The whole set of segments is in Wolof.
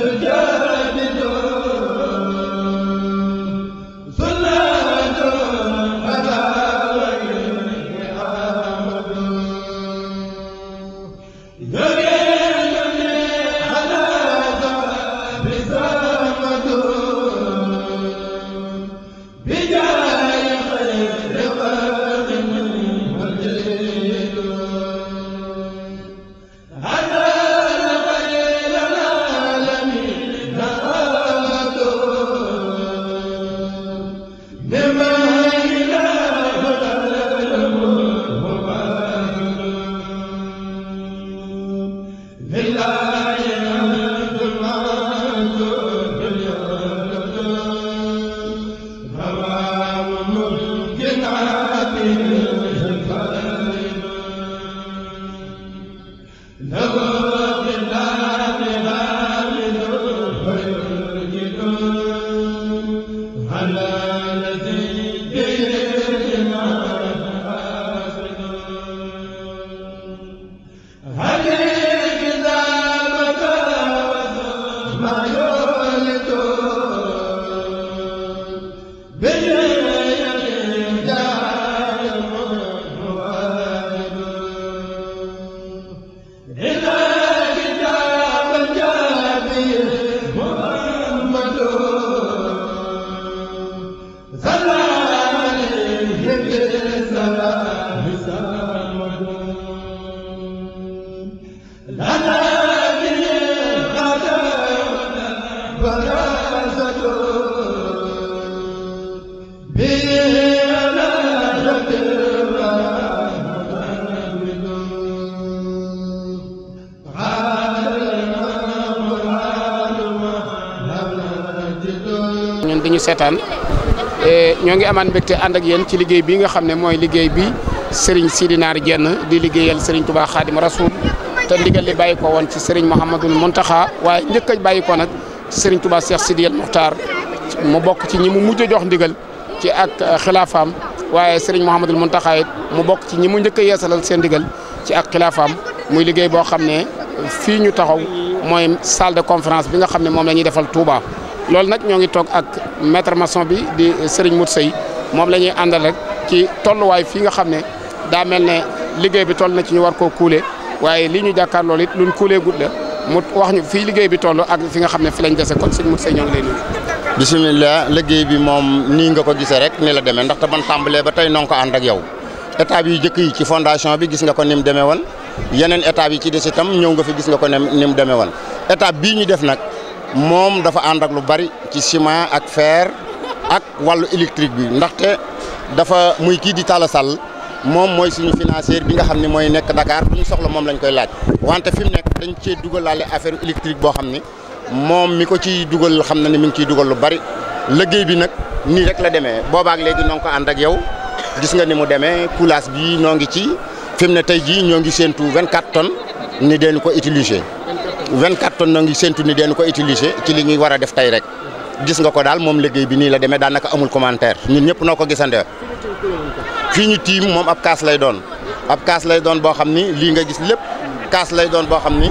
الدجال ñun di ñu seetaan eh, ñoo ngi amaan mbégte ànd ak yéen ci liggéey bii nga xam ne mooy liggéey bi Serigne Sidi Naar Diène di liggéeyal Serigne Touba Khadim Rasoul te ndigal li bàyyi ko woon ci Serigne Mouhamadul Mountakha waaye njëkk a bàyyi ko nag Serigne Touba Cheikh Sidiyal Muxtaar mu bokk ci ñi mu mujj a jox ci ak euh, xilaafaam waaye Serigne Mouhamadul Mountakha it mu bokk ci ñi mu njëkk a yeesalal seen ndigal ci ak xilaafaam muy liggéey boo xam ne fii ñu taxaw mooy salle de conférence bi nga xam ne moom lañuy ñuy defal Touba. lool nag ñoo ngi toog ak maître maçon bi di Serigne Mout Sey moom la ñuy àndal rek ci tolluwaay fii nga xam ne daa bi toll na ci waaye lii ñu jàkkaar loolu it luñ kuulee gudd la mu wax ñu fi liggéey bi toll ak fi nga xam ne fi lañ dese kon sëñ Moussa ñoo ngi lay nuyu. bisimilah liggéey bi moom nii nga ko gisee rek ni la demee ndaxte ban tàmbalee ba tey noo ko ànd ak yow état yi jëkk yi ci fondation bi gis nga ko ni mu demee woon yeneen état yi ci des itam ñëw nga fi gis nga ko ni mu demee woon état bii ñu def nag moom dafa ànd ak lu bari ci ciment ak fer ak wàllu électrique bi ndaxte dafa muy kii di Talla Sall moom mooy suñu financier bi nga xam ne mooy nekk Dakar lu ñu soxla moom lañ koy laaj wante fi mu nekk dañ cee dugalaale affaire électrique boo xam ni moom mi ko ciy dugal xam na ne mi ngi ciy dugal lu bari liggéey bi nag nii rek la demee boobaak léegi noo ngi ko ànd ak yow gis nga ni mu demee coulage bi noo ngi ci fi ne tey jii ñoo ngi séentu 24 tonnes ni deen ko utiliser. 24 tonnes noo ngi séentu ni deen ko utiliser ci li ñuy war def tey rek gis nga ko daal moom liggéey bi nii la demee daanaka amul commentaire ñun ñëpp noo ko gisandee. fii ñu tiim moom ab kaas lay doon ab kaas lay doon boo xam ni lii nga gis lépp kaas lay doon boo xam ni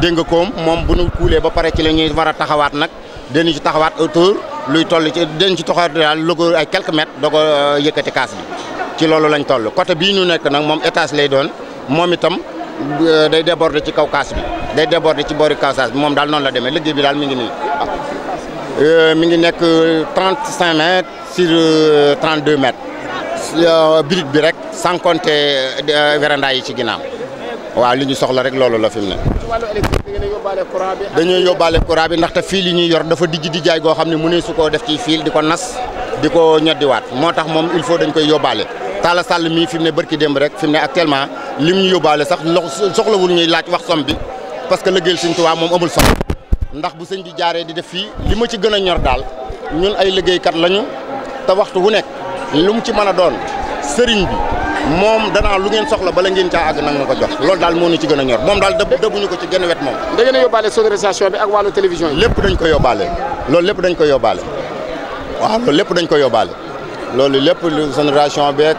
dégg nga koom moom bu nu kuulee ba pare ci la ñuy war a taxawaat nag dañu ci taxawaat autour luy toll ci dañ ci taxawaat daal logo ay quelques mètres da ko euh, yëkkati kaas bi ci loolu lañ toll côté bii ñu nekk nag moom étage lay doon moom itam euh, day déborder ci kaw kaas bi day déborder ci boori kaw kaas bi moom daal noonu la demee liggéey bi daal mi ngi nii euh, mi ngi nekk 35 mètres sur 32 mètres brique bi rek sans compter euh, véranda yi ci ginnaaw waaw li ñu soxla rek loolu la fi mu ne. dañoo yóbbaale courant bi ndaxte fil yi ñuy yor dafa dijj di jaay goo xam ne mu ne su koo def ci fil di ko nas di ko ñeddiwaat moo tax moom il faut dañ koy yóbbaale. Talla Sall mii fi mu ne barki démb rek fi ne actuellement lim ñu yóbbaale sax loxo soxlawul ñuy laaj wax som bi parce que liggéeyal Sëñ Tuubaa moom amul som ndax bu sëñ di jaaree di def fii li ma ci gën a ñor daal ñun ay liggéeykat lañu te waxtu wu nekk. lu mu ci mën a doon sëriñ bi moom danaa lu ngeen soxla bala ngeen caa àgg nag ma ko jox loolu daal moo ñu ci gën a ñor moom daal dëbb dëbbuñu ko ci genn wet moom. da ngeen a yóbbaale lépp dañ ko yóbbaale loolu lépp dañ ko yóbbaale waaw loolu lépp dañ ko yóbbaale loolu lépp sonorisation beeg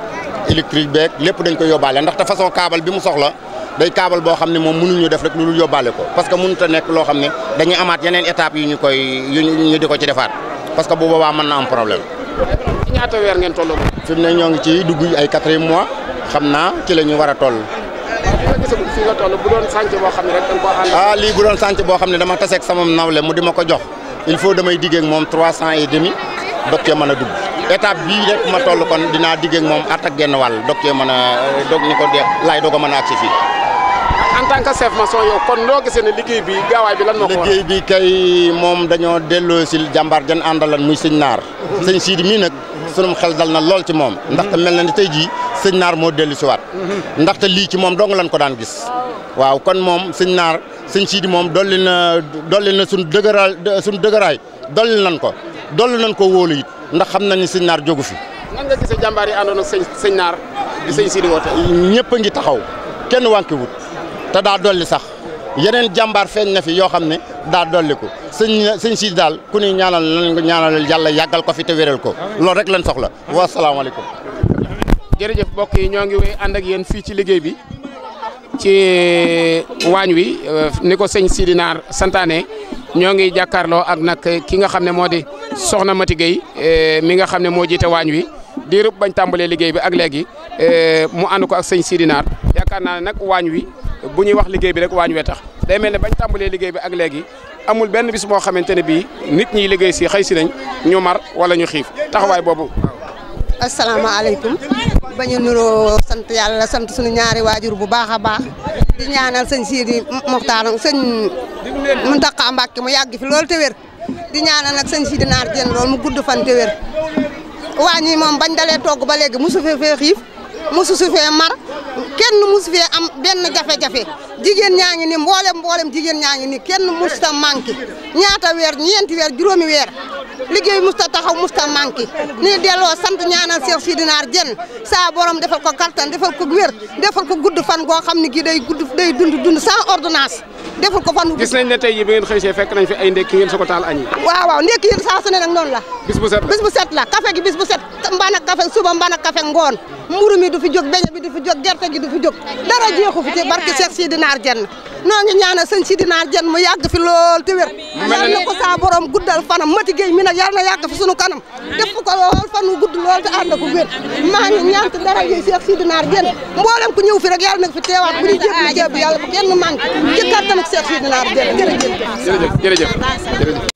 électrique beeg lépp dañ ko yóbbaale ndaxte façon câble bi mu soxla day câble boo xam ne moom mënuñu def rek lu dul yóbbaale ko parce que mënut a nekk loo xam ne dañuy amaat yeneen étapes yu ñu koy yu ñu di ko ci defaat parce que bu boobaa mën na am problème ñaata weer ngeen tolloo. fi mu ne ñoo ngi ci dugg ay quatrième mois xam naa ci la ñu war a toll. fii bu doon sànc boo xam ne rek da nga ko ànd. ah lii bu doon sànc boo xam ne dama taseeg sama nawle mu di ma ko jox il faut damay digg moom trois cent et demi doog cee mën a dugg étape bii rek ma toll kon dinaa digg moom at genn wàll doog cee mën a euh, doog ni ko de laay doog a mën a fii. en tant que chef maçon yow kon loo gisee ne liggéey bi gaawaay bi lan moo ko liggéey moom dañoo delloo si jàmbaar jan àndalan muy sëñ naar mhm. sëñ siidi mii nag sunum xel dal na lool ci moom ndaxte mel na ni tey jii sëñ naar moo dellu si waat ndaxte lii ci moom dong lañ ko daan gis waaw kon moom sëñ naar sëñ siidi moom dolli na dolli na suñ dëgëraay suñ dëgëraay dolli nañ ko dolli nañ ko wóolu it ndax xam nañ ni naar jógu fi nan nga gisee jàmbaar yi àndoon ak sëñ ngi taxaw kenn wànki wut te daa dolli sax yeneen jàmbaar feeñ na fi yoo xam ne daa dolliku sëñ sëñ si daal ku ñuy ñaanal lañ ko yàlla yàggal ko fi te wéral ko loolu rek lan soxla wa salaamaaleykum. jërëjëf mbokk yi ñoo ngi wéy ànd ak yéen fii ci liggéey bi ci euh, waañ wi euh, ni ko sëñ Sidi santaane ñoo ngi jàkkaarloo ak nag ki nga xam ne moo di soxna Mati Gueye euh, mi nga xam ne moo jiite waañ wi diirub bañ tàmbalee liggéey bi ak léegi mu ànd ko ak sëñ Sidi Naar naa ne waañ wi. bu ñuy wax liggéey bi rek waañ wee tax day mel ne bañ tàmbalee liggéey bi ak léegi amul benn bis moo xamante ne bii nit ñi liggéey si xëy si nañ ñu mar wala ñu xiif taxawaay boobu. asalaamaaleykum bañu nuroo sant yàlla sant suñu ñaari waajur bu baax a baax di ñaanal sëñ Sidi mu sëñ Mountakha Mbacké mu yàgg fi loolu te wér di ñaanal nag sëñ Sidi Naar Dieng loolu mu gudd fan te wér waa ñi moom bañ dalee togg ba léegi mosu fee fee xiif mosu su fee kenn mus fee am benn jafe-jafe jigéen ñaa ngi ni mboolem mboolem jigéen ñaa ngi ni kenn musta manqué ñaata weer ñeenti weer juróomi weer liggéey musta taxaw musta manqué ni delloo sant ñaanal Cheikh Sidy Nar Diène saa borom defal ko kattan defal ko wér defal ko gudd fan goo xam ne kii day gudd day dund dund sans ordonnance defal ko fan. gis nañ ne tey jii ngeen xëy see fekk nañ fi ay ndekki ngeen soog a taal añ yi. waaw ndekki yéen saa ne nag noonu la. bis bu set la bis bis bu set mbaa nag café suba mbaa nag ngoon. mburu mi du fi jóg beñe bi fi jóg gerte gi du fi jóg dara jeexu fi ci barke Cheikh Sidina Ardiène noo ngi ñaanal sëñ Sidina Ardiène mu yàgg fi lool te wér yal na ko saa borom guddal fanam mati géey mi nag yal na yàgg fi sunu kanam def ko lool fan wu lool te ànd ak wér maa ngi ñaan ci dara jeey Cheikh Sidina Ardiène ku ñëw fi rek yal na fi teewaat bu ñu jéem jéem bu kenn manqué ci kattan ak Cheikh Sidina Ardiène jërëjëf jërëjëf